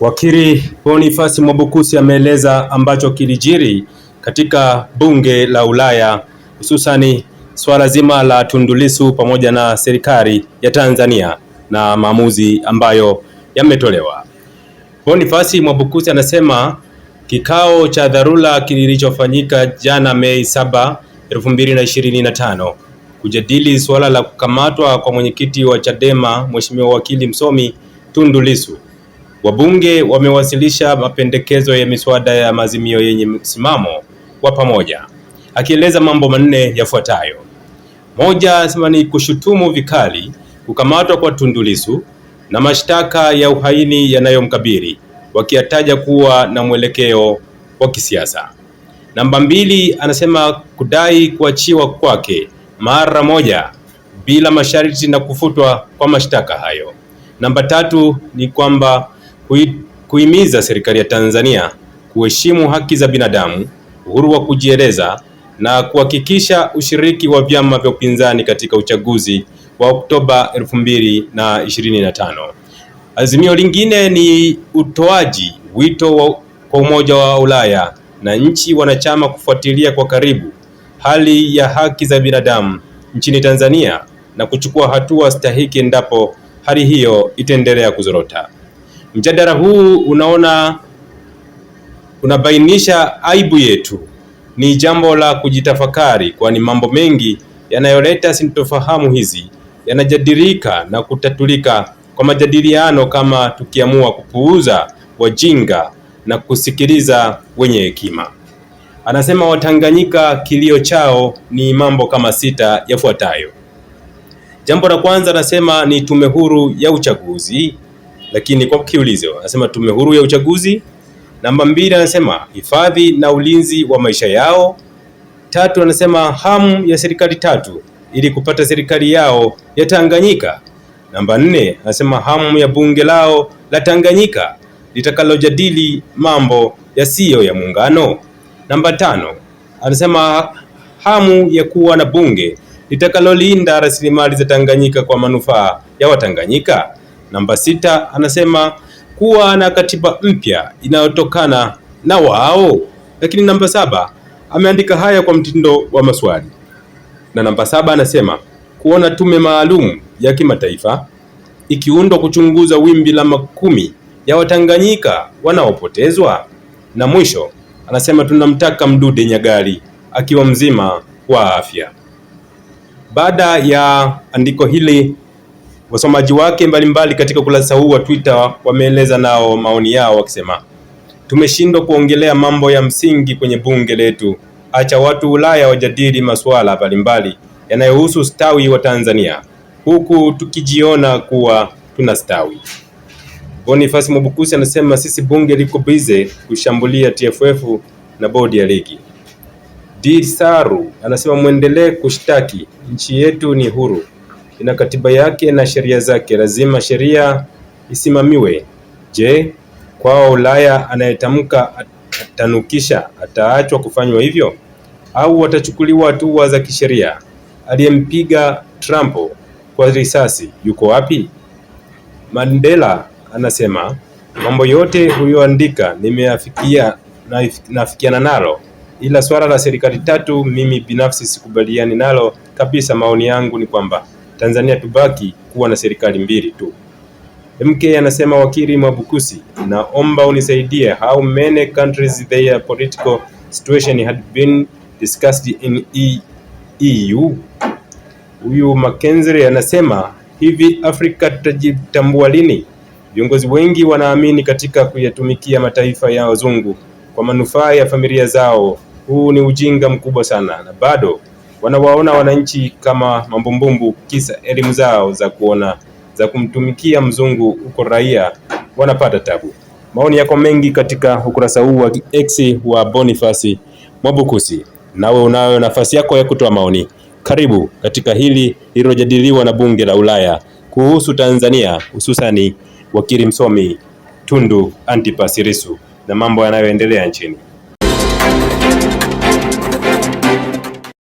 Wakili bonifasi Mwabukusi ameeleza ambacho kilijiri katika bunge la Ulaya hususani swala zima la Tundu Lissu pamoja na serikali ya Tanzania na maamuzi ambayo yametolewa. Bonifasi Mwabukusi anasema kikao cha dharura kilichofanyika jana Mei 7, 2025 kujadili suala la kukamatwa kwa mwenyekiti wa Chadema Mheshimiwa wakili msomi Tundu Lissu Wabunge wamewasilisha mapendekezo ya miswada ya maazimio yenye msimamo wa pamoja, akieleza mambo manne yafuatayo: moja, ni kushutumu vikali kukamatwa kwa Tundu Lissu na mashtaka ya uhaini yanayomkabili wakiyataja kuwa na mwelekeo wa kisiasa. Namba mbili, anasema kudai kuachiwa kwake mara moja bila masharti na kufutwa kwa mashtaka hayo. Namba tatu ni kwamba kuhimiza serikali ya Tanzania kuheshimu haki za binadamu, uhuru wa kujieleza na kuhakikisha ushiriki wa vyama vya upinzani katika uchaguzi wa Oktoba 2025. Azimio lingine ni utoaji wito wa, kwa Umoja wa Ulaya na nchi wanachama kufuatilia kwa karibu hali ya haki za binadamu nchini Tanzania na kuchukua hatua stahiki endapo hali hiyo itaendelea kuzorota. Mjadala huu unaona unabainisha aibu yetu. Ni jambo la kujitafakari, kwani mambo mengi yanayoleta sintofahamu hizi yanajadilika na kutatulika kwa majadiliano kama tukiamua kupuuza wajinga na kusikiliza wenye hekima. Anasema Watanganyika kilio chao ni mambo kama sita yafuatayo. Jambo la kwanza anasema ni tume huru ya uchaguzi lakini kwa kiulizo anasema tume huru ya uchaguzi. Namba mbili anasema hifadhi na ulinzi wa maisha yao. Tatu anasema hamu ya serikali tatu ili kupata serikali yao ya Tanganyika. Namba nne anasema hamu ya bunge lao la Tanganyika litakalojadili mambo yasiyo ya muungano. Namba tano anasema hamu ya kuwa na bunge litakalolinda rasilimali za Tanganyika kwa manufaa ya Watanganyika. Namba sita anasema kuwa na katiba mpya inayotokana na wao. Lakini namba saba ameandika haya kwa mtindo wa maswali, na namba saba anasema kuona tume maalum ya kimataifa ikiundwa kuchunguza wimbi la makumi ya Watanganyika wanaopotezwa. Na mwisho anasema tunamtaka Mdude Nyagali akiwa mzima wa afya. Baada ya andiko hili Wasomaji wake mbalimbali mbali katika ukurasa huu wa Twitter wameeleza nao maoni yao wakisema, tumeshindwa kuongelea mambo ya msingi kwenye bunge letu. Acha watu Ulaya wajadili masuala mbalimbali yanayohusu ustawi wa Tanzania huku tukijiona kuwa tunastawi. Boniface Mwabukusi anasema sisi bunge liko bize kushambulia TFF na bodi ya ligi. Di Saru anasema mwendelee kushtaki, nchi yetu ni huru ina katiba yake na sheria zake, lazima sheria isimamiwe. Je, kwao Ulaya anayetamka atanukisha ataachwa kufanywa hivyo au watachukuliwa hatua za kisheria? Aliyempiga Trump kwa risasi yuko wapi? Mandela anasema mambo yote uliyoandika nimeafikia na nafikiana nalo, ila swala la serikali tatu mimi binafsi sikubaliani nalo kabisa. Maoni yangu ni kwamba Tanzania tubaki kuwa na serikali mbili tu. MK anasema wakili Mwabukusi, naomba unisaidie how many countries their political situation had been discussed in EU. E Huyu Mackenzie anasema hivi, Afrika tutajitambua lini? Viongozi wengi wanaamini katika kuyatumikia mataifa ya wazungu kwa manufaa ya familia zao. Huu ni ujinga mkubwa sana na bado wanawaona wananchi kama mambumbumbu, kisa elimu zao za kuona za kumtumikia mzungu, huko raia wanapata tabu. Maoni yako mengi katika ukurasa huu wa X wa Bonifasi Mwabukusi. Nawe unayo nafasi yako ya kutoa maoni. Karibu katika hili lililojadiliwa na bunge la Ulaya kuhusu Tanzania, hususani wakili msomi Tundu Antipas Lissu na mambo yanayoendelea nchini.